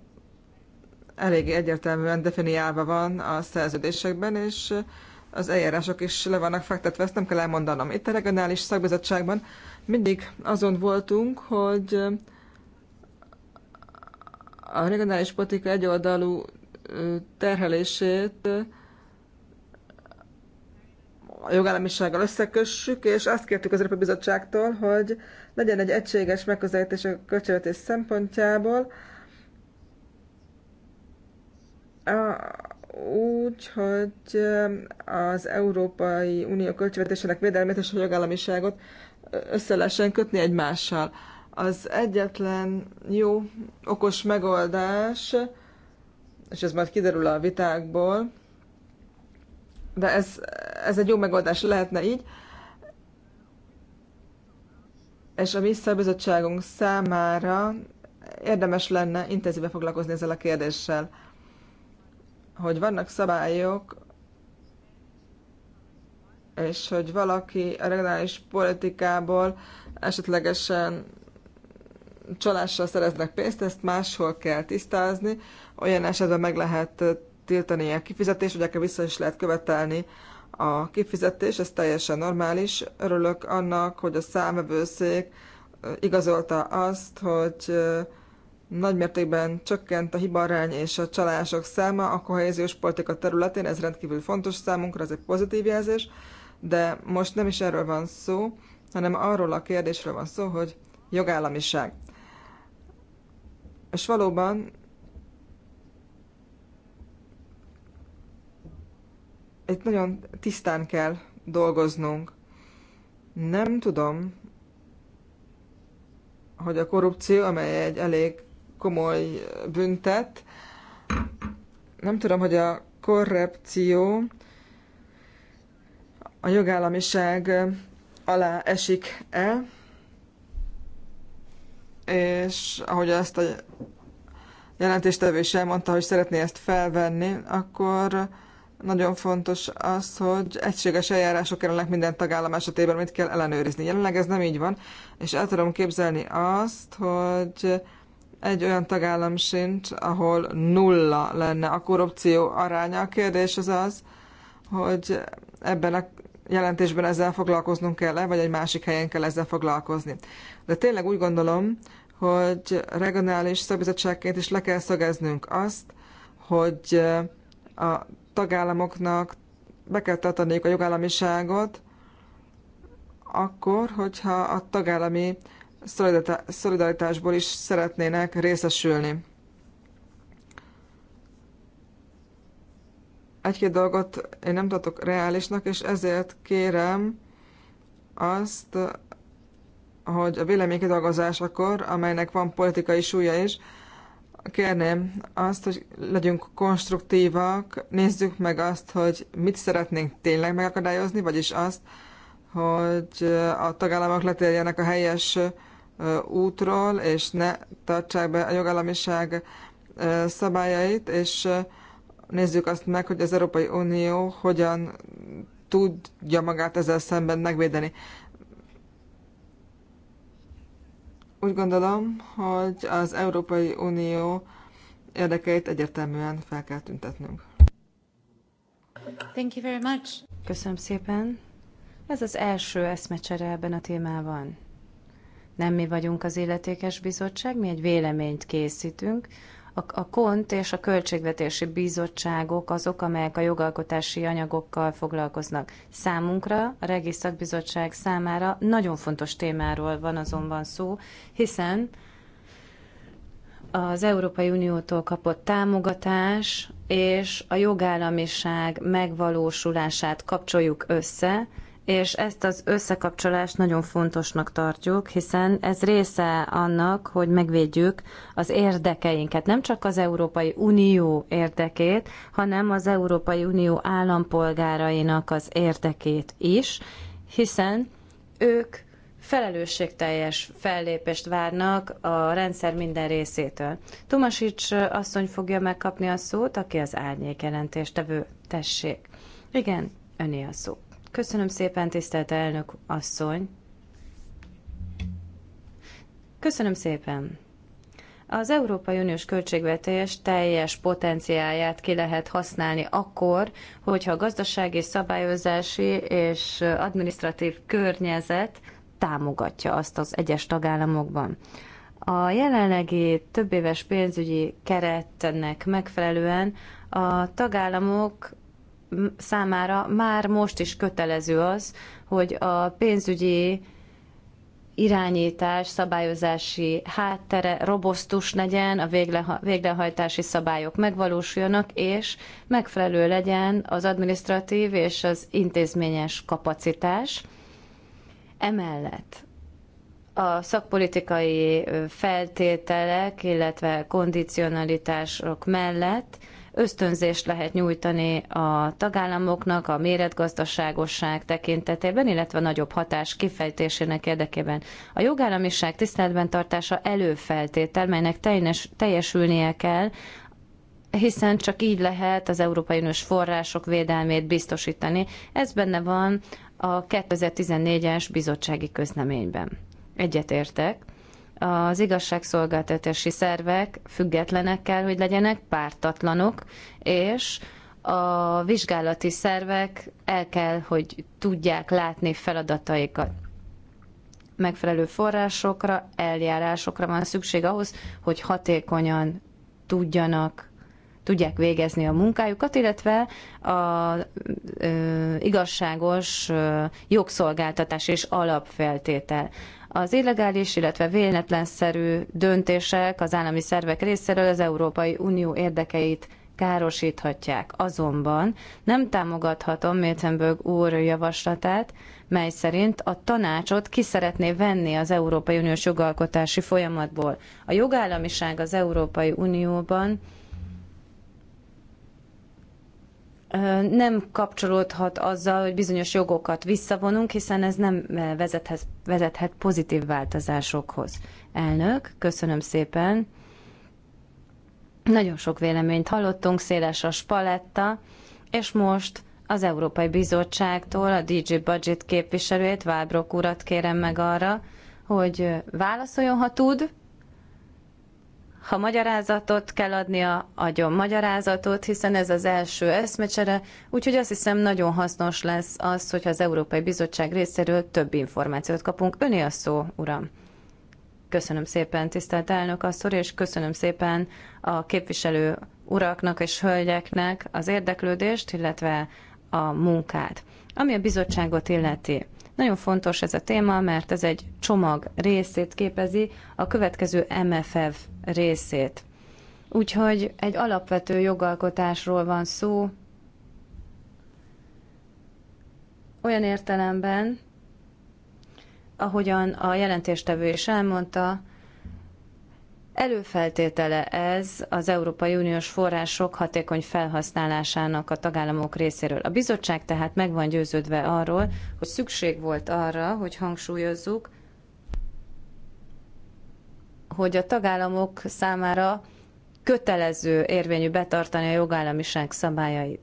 elég egyértelműen definiálva van a szerződésekben, és az eljárások is le vannak fektetve, ezt nem kell elmondanom. Itt a regionális szakbizottságban mindig azon voltunk, hogy a regionális politika egyoldalú terhelését a jogállamisággal összekössük, és azt kértük az Európai Bizottságtól, hogy legyen egy egységes megközelítés a költségvetés szempontjából, úgy, hogy az Európai Unió költségvetésének védelmét és a jogállamiságot össze lehessen kötni egymással. Az egyetlen jó, okos megoldás, és ez majd kiderül a vitákból, de ez, ez egy jó megoldás lehetne így, és a mi szabizottságunk számára érdemes lenne intenzíve foglalkozni ezzel a kérdéssel, hogy vannak szabályok, és hogy valaki a regionális politikából esetlegesen csalással szereznek pénzt, ezt máshol kell tisztázni. Olyan esetben meg lehet tiltani a kifizetést, vagy akár vissza is lehet követelni a kifizetés, ez teljesen normális. Örülök annak, hogy a számvevőszék igazolta azt, hogy nagymértékben csökkent a hibarány és a csalások száma a kohéziós politika területén, ez rendkívül fontos számunkra, ez egy pozitív jelzés, de most nem is erről van szó, hanem arról a kérdésről van szó, hogy jogállamiság. És valóban itt nagyon tisztán kell dolgoznunk. Nem tudom, hogy a korrupció, amely egy elég komoly büntet, nem tudom, hogy a korrupció a jogállamiság alá esik-e, és ahogy azt a jelentéstevő is elmondta, hogy szeretné ezt felvenni, akkor nagyon fontos az, hogy egységes eljárások kerülnek minden tagállam esetében, amit kell ellenőrizni. Jelenleg ez nem így van, és el tudom képzelni azt, hogy egy olyan tagállam sincs, ahol nulla lenne a korrupció aránya. A kérdés az az, hogy ebben a jelentésben ezzel foglalkoznunk kell-e, vagy egy másik helyen kell ezzel foglalkozni. De tényleg úgy gondolom, hogy regionális szabizottságként is le kell szögeznünk azt, hogy eh, a tagállamoknak be kell tartaniuk a jogállamiságot, akkor, hogyha a tagállami szolidaritásból is szeretnének részesülni. Egy-két dolgot én nem tartok reálisnak, és ezért kérem azt, hogy a akkor, amelynek van politikai súlya is, kérném azt, hogy legyünk konstruktívak, nézzük meg azt, hogy mit szeretnénk tényleg megakadályozni, vagyis azt, hogy a tagállamok letérjenek a helyes útról, és ne tartsák be a jogállamiság szabályait, és nézzük azt meg, hogy az Európai Unió hogyan tudja magát ezzel szemben megvédeni. Úgy gondolom, hogy az Európai Unió érdekeit egyértelműen fel kell tüntetnünk.
Thank you very much. Köszönöm szépen. Ez az első eszmecsere ebben a témában. Nem mi vagyunk az illetékes bizottság, mi egy véleményt készítünk, a, a KONT és a Költségvetési Bizottságok azok, amelyek a jogalkotási anyagokkal foglalkoznak. Számunkra, a Regi Szakbizottság számára nagyon fontos témáról van azonban szó, hiszen az Európai Uniótól kapott támogatás és a jogállamiság megvalósulását kapcsoljuk össze, és ezt az összekapcsolást nagyon fontosnak tartjuk, hiszen ez része annak, hogy megvédjük az érdekeinket, nem csak az Európai Unió érdekét, hanem az Európai Unió állampolgárainak az érdekét is, hiszen ők felelősségteljes fellépést várnak a rendszer minden részétől. Tomasics asszony fogja megkapni a szót, aki az árnyék jelentéstevő. Tessék. Igen, öné a szó. Köszönöm szépen, tisztelt elnök asszony. Köszönöm szépen. Az Európai Uniós költségvetés teljes potenciáját ki lehet használni akkor, hogyha a gazdasági, szabályozási és administratív környezet támogatja azt az egyes tagállamokban. A jelenlegi többéves pénzügyi keretnek megfelelően a tagállamok számára már most is kötelező az, hogy a pénzügyi irányítás, szabályozási háttere robosztus legyen, a végrehajtási szabályok megvalósuljanak, és megfelelő legyen az administratív és az intézményes kapacitás. Emellett a szakpolitikai feltételek, illetve kondicionalitások mellett ösztönzést lehet nyújtani a tagállamoknak a méretgazdaságosság tekintetében, illetve a nagyobb hatás kifejtésének érdekében. A jogállamiság tiszteletben tartása előfeltétel, melynek teljes, teljesülnie kell, hiszen csak így lehet az Európai Uniós források védelmét biztosítani. Ez benne van a 2014-es bizottsági közleményben. Egyetértek az igazságszolgáltatási szervek függetlenek kell, hogy legyenek, pártatlanok, és a vizsgálati szervek el kell, hogy tudják látni feladataikat. Megfelelő forrásokra, eljárásokra van szükség ahhoz, hogy hatékonyan tudjanak tudják végezni a munkájukat, illetve a ö, igazságos ö, jogszolgáltatás és alapfeltétel. Az illegális, illetve véletlenszerű döntések az állami szervek részéről az Európai Unió érdekeit károsíthatják. Azonban nem támogathatom Miltenberg úr javaslatát, mely szerint a tanácsot ki szeretné venni az Európai Uniós jogalkotási folyamatból. A jogállamiság az Európai Unióban nem kapcsolódhat azzal, hogy bizonyos jogokat visszavonunk, hiszen ez nem vezethet, vezethet pozitív változásokhoz. Elnök, köszönöm szépen. Nagyon sok véleményt hallottunk, széles a spaletta, és most az Európai Bizottságtól a DJ Budget képviselőjét, Válbrok urat kérem meg arra, hogy válaszoljon, ha tud, ha magyarázatot kell adnia, adjon magyarázatot, hiszen ez az első eszmecsere, úgyhogy azt hiszem nagyon hasznos lesz az, hogyha az Európai Bizottság részéről több információt kapunk. Öné a szó, uram. Köszönöm szépen, tisztelt elnök asszor, és köszönöm szépen a képviselő uraknak és hölgyeknek az érdeklődést, illetve a munkát. Ami a bizottságot illeti, nagyon fontos ez a téma, mert ez egy csomag részét képezi a következő MFF részét. Úgyhogy egy alapvető jogalkotásról van szó, olyan értelemben, ahogyan a jelentéstevő is elmondta, előfeltétele ez az Európai Uniós források hatékony felhasználásának a tagállamok részéről. A bizottság tehát meg van győződve arról, hogy szükség volt arra, hogy hangsúlyozzuk, hogy a tagállamok számára kötelező érvényű betartani a jogállamiság szabályait.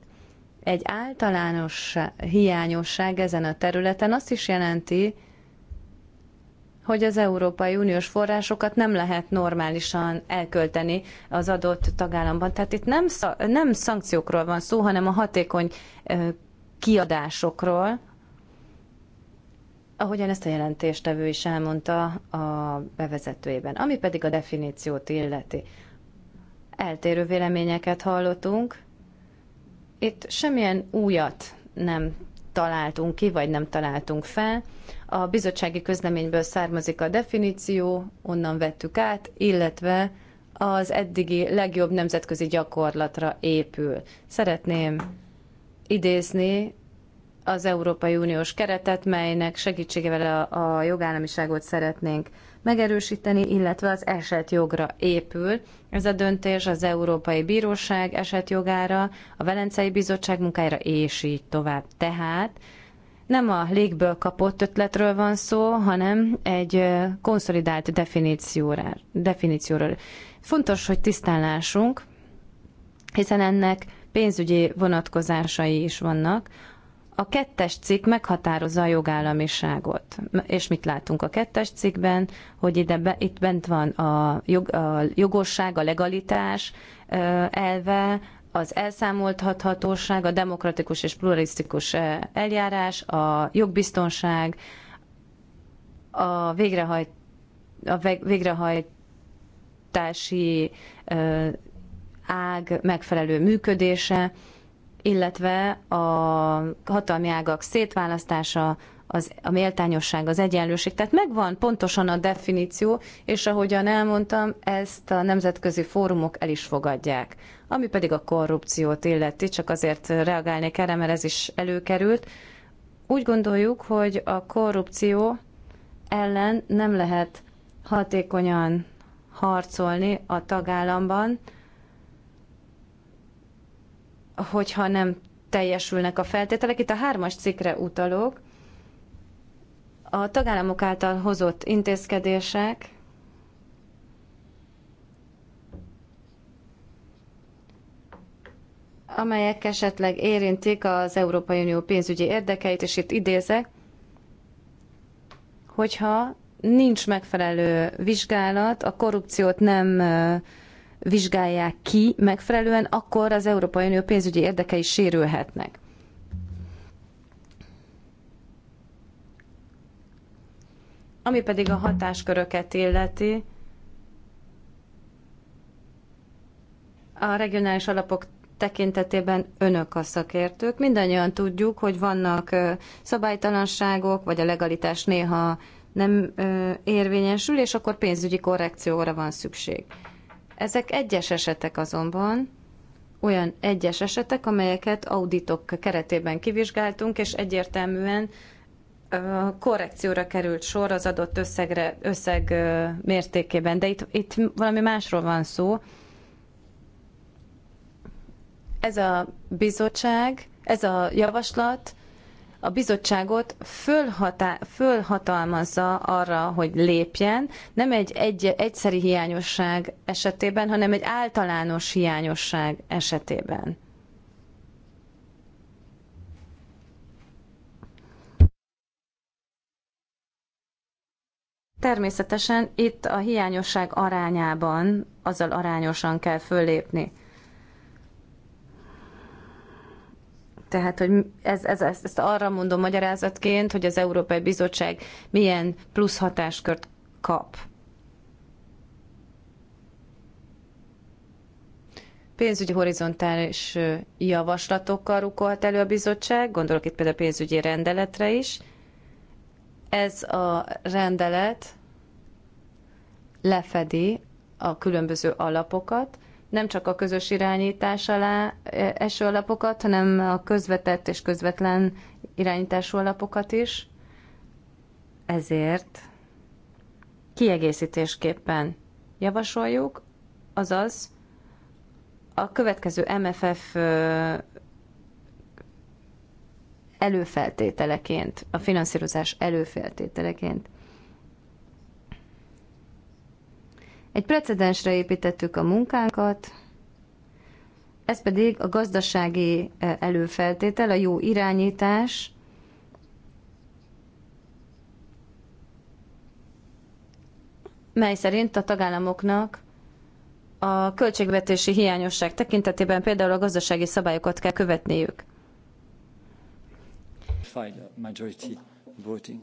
Egy általános hiányosság ezen a területen azt is jelenti, hogy az Európai Uniós forrásokat nem lehet normálisan elkölteni az adott tagállamban. Tehát itt nem, nem szankciókról van szó, hanem a hatékony kiadásokról, ahogyan ezt a jelentéstevő is elmondta a bevezetőjében. Ami pedig a definíciót illeti. Eltérő véleményeket hallottunk. Itt semmilyen újat nem találtunk ki, vagy nem találtunk fel. A bizottsági közleményből származik a definíció, onnan vettük át, illetve az eddigi legjobb nemzetközi gyakorlatra épül. Szeretném idézni az Európai Uniós keretet, melynek segítségével a, a jogállamiságot szeretnénk megerősíteni, illetve az esetjogra épül. Ez a döntés az Európai Bíróság esetjogára, a Velencei Bizottság munkájára, és így tovább. Tehát nem a légből kapott ötletről van szó, hanem egy konszolidált definícióról. Fontos, hogy tisztán lássunk, hiszen ennek pénzügyi vonatkozásai is vannak. A kettes cikk meghatározza a jogállamiságot. És mit látunk a kettes cikkben, hogy ide itt bent van a, jog, a jogosság, a legalitás elve, az elszámolthatóság, a demokratikus és pluralisztikus eljárás, a jogbiztonság, a, végrehajt, a végrehajtási ág megfelelő működése, illetve a hatalmi ágak szétválasztása, az, a méltányosság, az egyenlőség. Tehát megvan pontosan a definíció, és ahogyan elmondtam, ezt a nemzetközi fórumok el is fogadják. Ami pedig a korrupciót illeti, csak azért reagálnék erre, mert ez is előkerült. Úgy gondoljuk, hogy a korrupció ellen nem lehet hatékonyan harcolni a tagállamban, hogyha nem teljesülnek a feltételek. Itt a hármas cikkre utalok. A tagállamok által hozott intézkedések amelyek esetleg érintik az Európai Unió pénzügyi érdekeit, és itt idézek, hogyha nincs megfelelő vizsgálat, a korrupciót nem vizsgálják ki megfelelően, akkor az Európai Unió pénzügyi érdekei sérülhetnek. Ami pedig a hatásköröket illeti, a regionális alapok tekintetében önök a szakértők. Mindannyian tudjuk, hogy vannak szabálytalanságok, vagy a legalitás néha nem érvényesül, és akkor pénzügyi korrekcióra van szükség. Ezek egyes esetek azonban, olyan egyes esetek, amelyeket auditok keretében kivizsgáltunk, és egyértelműen korrekcióra került sor az adott összegre, összeg mértékében. De itt, itt valami másról van szó. Ez a bizottság, ez a javaslat a bizottságot fölhatá- fölhatalmazza arra, hogy lépjen, nem egy, egy egyszeri hiányosság esetében, hanem egy általános hiányosság esetében. Természetesen itt a hiányosság arányában azzal arányosan kell föllépni. Tehát, hogy ez, ez, ezt, ezt arra mondom magyarázatként, hogy az Európai Bizottság milyen plusz hatáskört kap. Pénzügyi horizontális javaslatokkal rukolt elő a bizottság, gondolok itt például a pénzügyi rendeletre is. Ez a rendelet lefedi a különböző alapokat, nem csak a közös irányítás alá e, eső alapokat, hanem a közvetett és közvetlen irányítású alapokat is. Ezért kiegészítésképpen javasoljuk, azaz a következő MFF előfeltételeként, a finanszírozás előfeltételeként. Egy precedensre építettük a munkánkat, ez pedig a gazdasági e, előfeltétel, a jó irányítás, mely szerint a tagállamoknak a költségvetési hiányosság tekintetében például a gazdasági szabályokat kell követniük.
majority voting.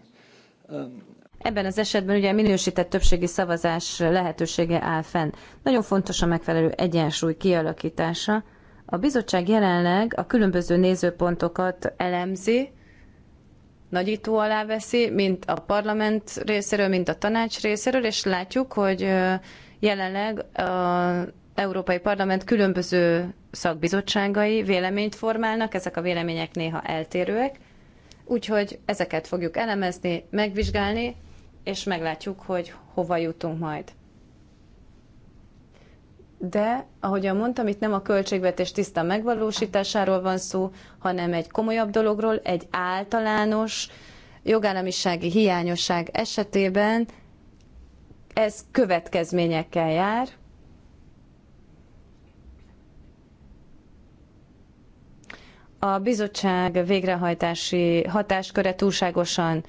Um,
Ebben az esetben ugye minősített többségi szavazás lehetősége áll fenn. Nagyon fontos a megfelelő egyensúly kialakítása. A bizottság jelenleg a különböző nézőpontokat elemzi, nagyító alá veszi, mint a parlament részéről, mint a tanács részéről, és látjuk, hogy jelenleg a Európai Parlament különböző szakbizottságai véleményt formálnak, ezek a vélemények néha eltérőek, úgyhogy ezeket fogjuk elemezni, megvizsgálni, és meglátjuk, hogy hova jutunk majd. De, ahogyan mondtam, itt nem a költségvetés tiszta megvalósításáról van szó, hanem egy komolyabb dologról, egy általános jogállamisági hiányosság esetében ez következményekkel jár. A bizottság végrehajtási hatásköre túlságosan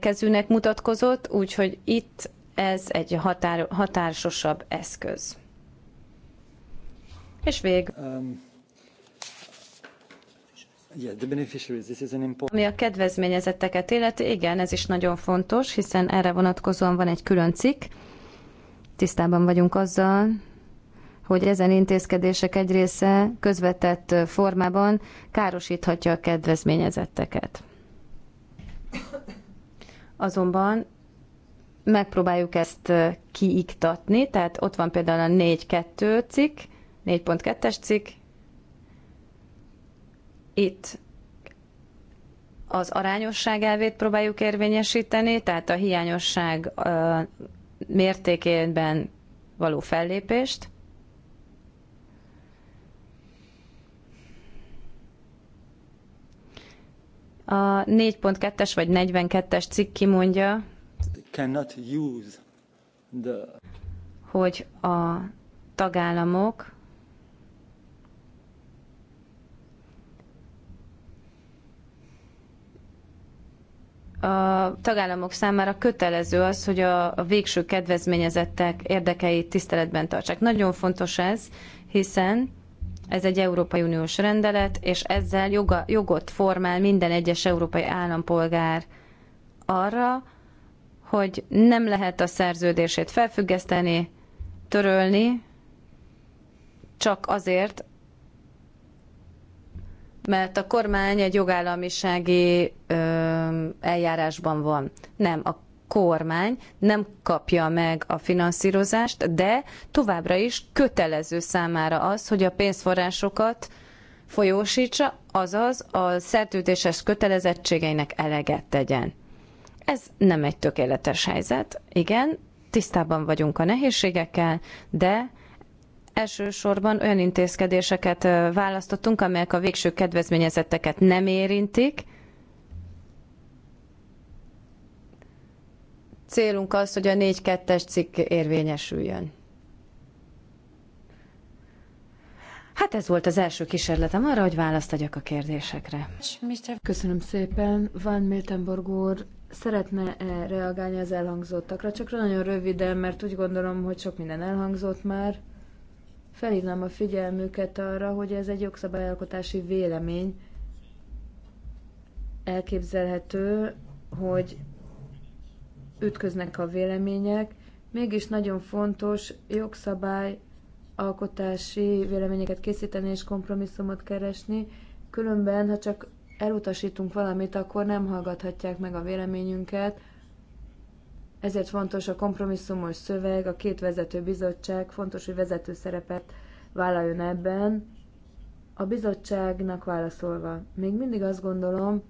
kezűnek mutatkozott, úgyhogy itt ez egy határ, határsosabb eszköz. És vég. Um,
yeah, the beneficiaries, this is an important... Ami a
kedvezményezetteket illeti, igen, ez is nagyon fontos, hiszen erre vonatkozóan van egy külön cikk. Tisztában vagyunk azzal, hogy ezen intézkedések egy része közvetett formában károsíthatja a kedvezményezetteket azonban megpróbáljuk ezt kiiktatni, tehát ott van például a 4.2 cikk, 4.2-es cikk, itt az arányosság elvét próbáljuk érvényesíteni, tehát a hiányosság mértékében való fellépést, A 4.2-es vagy 42-es cikk kimondja, hogy a tagállamok a tagállamok számára kötelező az, hogy a, a végső kedvezményezettek érdekeit tiszteletben tartsák. Nagyon fontos ez, hiszen ez egy Európai Uniós rendelet, és ezzel joga, jogot formál minden egyes európai állampolgár arra, hogy nem lehet a szerződését felfüggeszteni, törölni, csak azért, mert a kormány egy jogállamisági ö, eljárásban van. Nem, a kormány nem kapja meg a finanszírozást, de továbbra is kötelező számára az, hogy a pénzforrásokat folyósítsa, azaz a szerződéses kötelezettségeinek eleget tegyen. Ez nem egy tökéletes helyzet, igen, tisztában vagyunk a nehézségekkel, de elsősorban olyan intézkedéseket választottunk, amelyek a végső kedvezményezetteket nem érintik, Célunk az, hogy a 4-2-es cikk érvényesüljön. Hát ez volt az első
kísérletem arra, hogy választ adjak a kérdésekre. Köszönöm szépen. Van Miltenborg úr, szeretne -e reagálni az elhangzottakra? Csak nagyon röviden, mert úgy gondolom, hogy sok minden elhangzott már. Felhívnám a figyelmüket arra, hogy ez egy jogszabályalkotási vélemény. Elképzelhető, hogy ütköznek a vélemények, mégis nagyon fontos jogszabály alkotási véleményeket készíteni és kompromisszumot keresni, különben, ha csak elutasítunk valamit, akkor nem hallgathatják meg a véleményünket, ezért fontos a kompromisszumos szöveg, a két vezető bizottság, fontos, hogy vezető szerepet vállaljon ebben. A bizottságnak válaszolva, még mindig azt gondolom,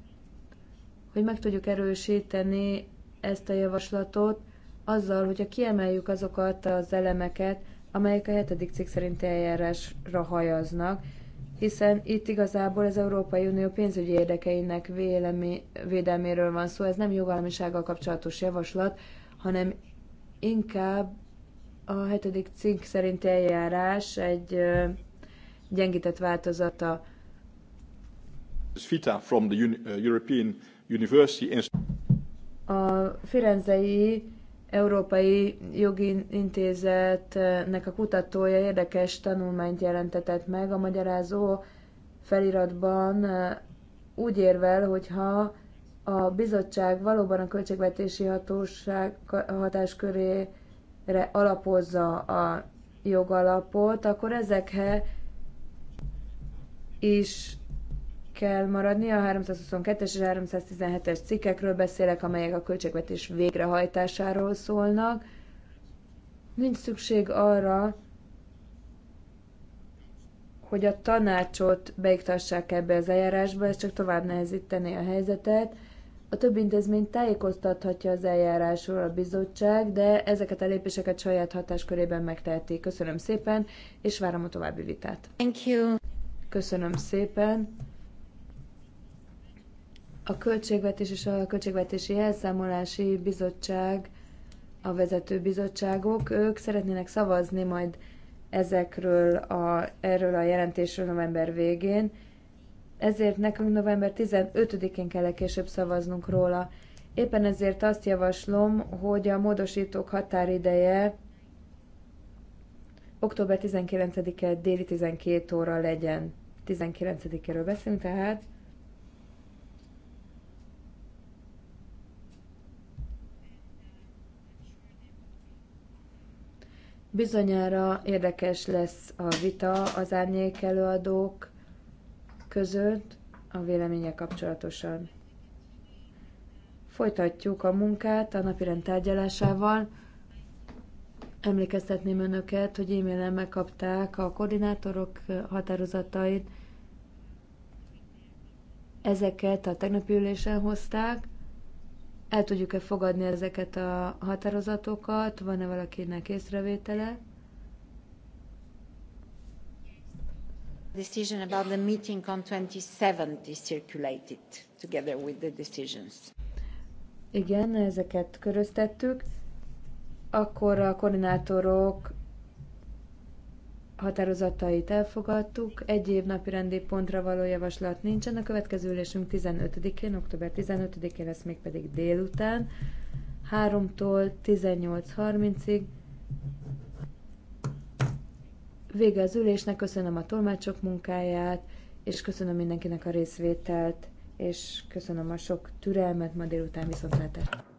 hogy meg tudjuk erősíteni ezt a javaslatot azzal, hogyha kiemeljük azokat az elemeket, amelyek a hetedik cikk szerinti eljárásra hajaznak, hiszen itt igazából az Európai Unió pénzügyi érdekeinek vélemi, védelméről van szó, ez nem jogállamisággal kapcsolatos javaslat, hanem inkább a hetedik cikk szerinti eljárás egy gyengített változata.
from the European University
a Firenzei Európai Jogi Intézetnek a kutatója érdekes tanulmányt jelentetett meg. A magyarázó feliratban úgy érvel, hogyha a bizottság valóban a költségvetési hatóság hatáskörére alapozza a jogalapot, akkor ezekhez is kell maradni. A 322-es és 317-es cikkekről beszélek, amelyek a költségvetés végrehajtásáról szólnak. Nincs szükség arra, hogy a tanácsot beiktassák ebbe az eljárásba, ez csak tovább nehezíteni a helyzetet. A több intézmény tájékoztathatja az eljárásról a bizottság, de ezeket a lépéseket saját hatáskörében megteheti. Köszönöm szépen, és várom a további vitát. Thank you. Köszönöm szépen. A Költségvetés és a Költségvetési Elszámolási Bizottság a vezető bizottságok, ők szeretnének szavazni majd ezekről a, erről a jelentésről november végén, ezért nekünk november 15-én kell később szavaznunk róla. Éppen ezért azt javaslom, hogy a módosítók határideje október 19-e déli 12 óra legyen. 19-éről beszélünk, tehát Bizonyára érdekes lesz a vita az árnyék előadók között a véleménye kapcsolatosan. Folytatjuk a munkát a napirend tárgyalásával. Emlékeztetném önöket, hogy e-mailen megkapták a koordinátorok határozatait. Ezeket a tegnapi ülésen hozták, el tudjuk-e fogadni ezeket a határozatokat, van-e valakinek észrevétele? decision about the meeting on 27th is circulated together with the decisions. Igen, ezeket köröztettük. Akkor a koordinátorok határozatait elfogadtuk, egy év napi rendi pontra való javaslat nincsen, a következő ülésünk 15-én, október 15-én lesz még pedig délután, 3-tól 18.30-ig. Vége az ülésnek, köszönöm a tolmácsok munkáját, és köszönöm mindenkinek a részvételt, és köszönöm a sok türelmet, ma délután viszontlátásra.